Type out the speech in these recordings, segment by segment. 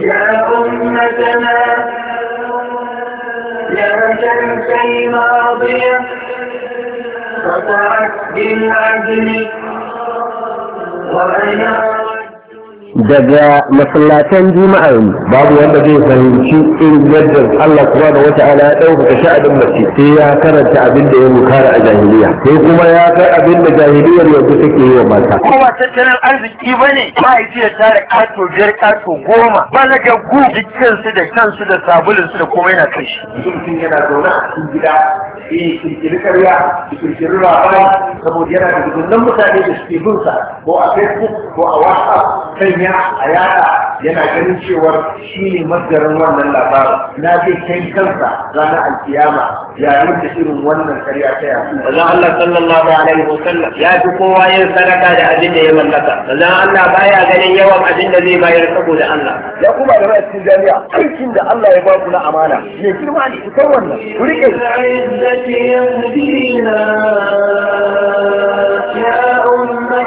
يا أمتنا لا تنسي ماضية قطعت بالعدل وأنا daga masallatan juma'a babu wanda zai fahimci in yadda Allah kuma da wata ala ya dauka sha'adin mace sai ya karanta abin da ya mukara a jahiliya sai kuma ya kai abin da jahiliyar yanzu take yi wa mata. Kuma tattalin arziki ba ne ba a iya tare kato biyar kato goma ba na ga gaggu su da kansu da su da komai na kai shi. Mutum yana zauna a cikin gida eh kirkiri karya kirkiri rabara saboda yana da gudunnan mutane da suke bin sa ko a Facebook ko a WhatsApp sanya a yada yana ganin cewar shi ne masgarin wannan labarin na zai kai kansa ranar alkiyama yayin da irin wannan karya ta yaku bazan Allah sallallahu alaihi sallam. ya fi kowa yin sadaka da abin da ya mallaka bazan Allah baya ganin yawan abin da zai bayar saboda Allah ya kuma da mai cikin jami'a aikin da Allah ya ba ku na amana ne girma ne ku san wannan ku rike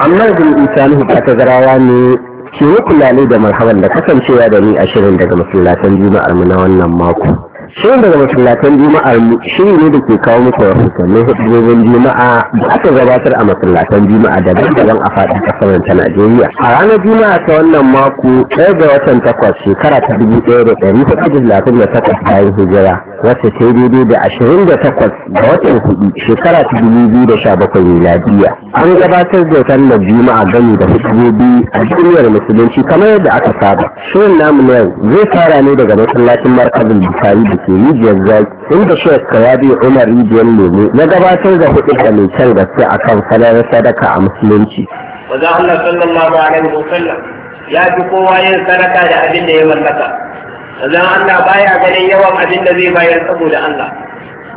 annabi bin isa nuhu ta zarawa ne ki kula ne da marhaban da kasancewa da ni a shirin daga masallatan juma'ar mu na wannan mako shirin daga masallatan juma'ar mu shiri ne da ke kawo muku rahotannin hudubobin juma'a da aka gabatar a masallatan juma'a daban-daban a faɗin ƙasar ta Najeriya. A ranar juma'a ta wannan mako ɗaya ga watan takwas shekara ta dubu ɗaya da ɗari hudu da talatin da takwas bayan hijira wacce ta yi daidai da ashirin da takwas ga watan hudu shekara ta dubu biyu da sha bakwai miladiya. An gabatar da sallar juma'a gami da hudubobi a duniyar musulunci kamar yadda aka saba. Shirin namu na yau zai fara ne daga masallacin markazin Bukari ke rijiyar zaki inda shekka ya biyu umar rijiyar lemu na gabatar da hudu da mai can gaske a kan falalar sadaka a musulunci. Waza Allah sallallahu alaihi wa sallam ya fi kowa yin sadaka da abin da ya mallaka. Waza Allah baya ganin yawan abin da zai bayar saboda Allah.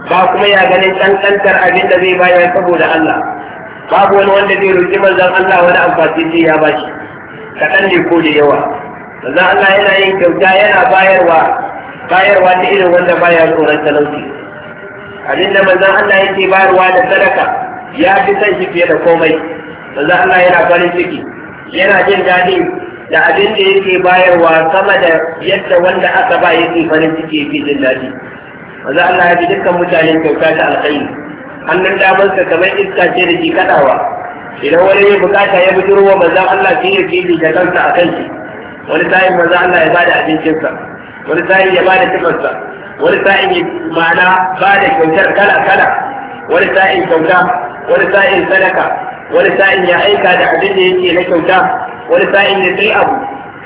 Ba kuma ya ganin cancantar abin da zai bayar saboda Allah. Babu wani wanda zai rufe manzon Allah wani amfani ya bashi. Kaɗan ne ko da yawa. Waza Allah yana yin kyauta yana bayarwa bayarwa ta irin wanda baya tsoron talauci abin da manzan Allah yake bayarwa da sadaka ya fi son shi fiye da komai manzan Allah yana farin ciki yana jin daɗi da abin da yake bayarwa sama da yadda wanda aka ba yake farin ciki yake jin daɗi manzan Allah ya fi dukkan mutane kyauta ta alkhairi hannun damansa kamar iska ce da shi kaɗawa idan wani ya bukata ya budurwa manzan Allah shi ne da kansa a kan shi wani sa'in manzan Allah ya bada abincinsa wani sa'in ya bada sifarsa wani sa'in ya ma'ana bada kyautar kala kala wani sa'in kyauta wani sa'in sadaka wani sa'in ya aika da abin da yake na kyauta wani sa'in ya sai abu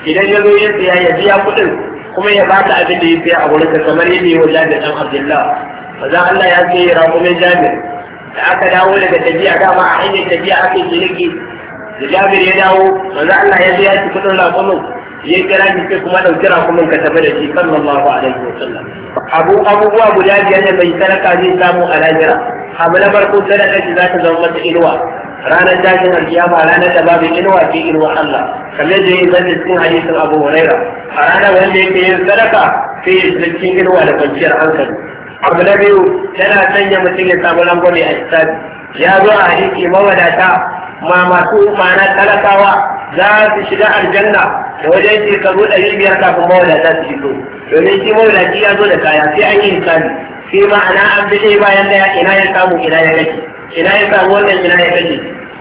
idan ya zo ya siya ya biya kuɗin kuma ya baka abin da ya siya a wurinka kamar yadda ya wa jami'in ɗan Abdullahi. maza Allah ya rabu raƙumin jami'in da aka dawo daga tafiya dama a hanyar tafiya aka yi ciniki da jami'in ya dawo maza Allah ya biya shi kuɗin raƙumin ya kira ni sai kuma ɗauki rakumin ka tafi da shi sallallahu alaihi wa sallam abu abubuwa guda biyar ne bai sadaka zai samu a lahira abu na farko sadaka shi za ta zama mata inuwa ranar dajin alkiyama ranar da babu inuwa ke inuwa Allah kamar da ya zanta cikin hadisin Abu Huraira a ranar wanda yake yin sadaka sai ya shiga cikin inuwa da kwanciyar hankali abu na biyu tana sanya mutum ya samu lambobi a hisabi ya zo a hadisi mawadata ma masu ma'ana talakawa za su shiga aljanna da wajen shekaru ɗari biyar kafin za su shigo domin shi mawadaci ya zo da kaya sai an yi hisabi sai ma'ana an ɗaya bayan daya ina ya samu ina ya kashe ina ya samu wannan ina ya kashe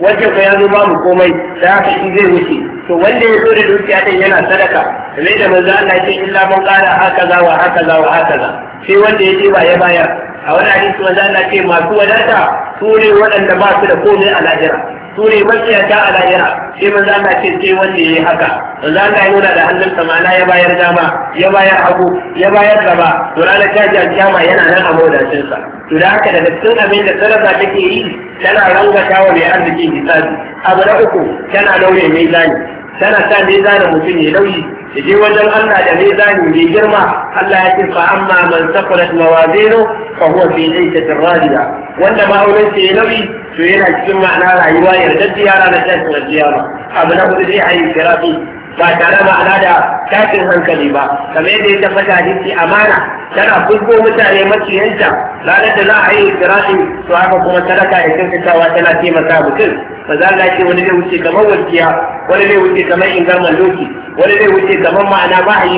wacce ko ya zo babu komai da haka shi zai wuce to wanda ya zo da dukiya ɗin yana sadaka kamar da manzo Allah ya ce illa man qala haka za wa haka za wa haka za sai wanda ya ce ba ya bayar a wani hadisi manzo Allah ce masu wadata su ne waɗanda ba su da komai a lahira su ne ta a lahira sai manzo Allah ce sai wanda yi haka manzo za nuna da hannun sa ya bayar dama ya bayar hagu ya bayar gaba to ranar tashi kyama yana nan a mawadacin sa to da haka daga cikin abin da sarrafa take yi tana rangata wa mai arziki hisabi abu na uku tana lauye mai zani tana sa mai zani mutum ya lauyi da je wajen Allah da mai zani mai girma Allah ya ce fa amma man safarat mawazinu fa huwa fi laysatin radida wanda ma'aurin ya lauyi to yana cikin ma'ana rayuwa da ranar tashin alkiyama abu na hudu zai hayi firafi ba tare ma'ana da tashin hankali ba kamar yadda ya tabbata hadisi amana tana kulko mutane maciyanta ranar da za a yi firafi to haka kuma sadaka ya kankatawa tana taimaka mutum ba za ka ce wani zai wuce kamar wani zai wuce kamar ingar malloki wani zai wuce kamar ma'ana ba a yi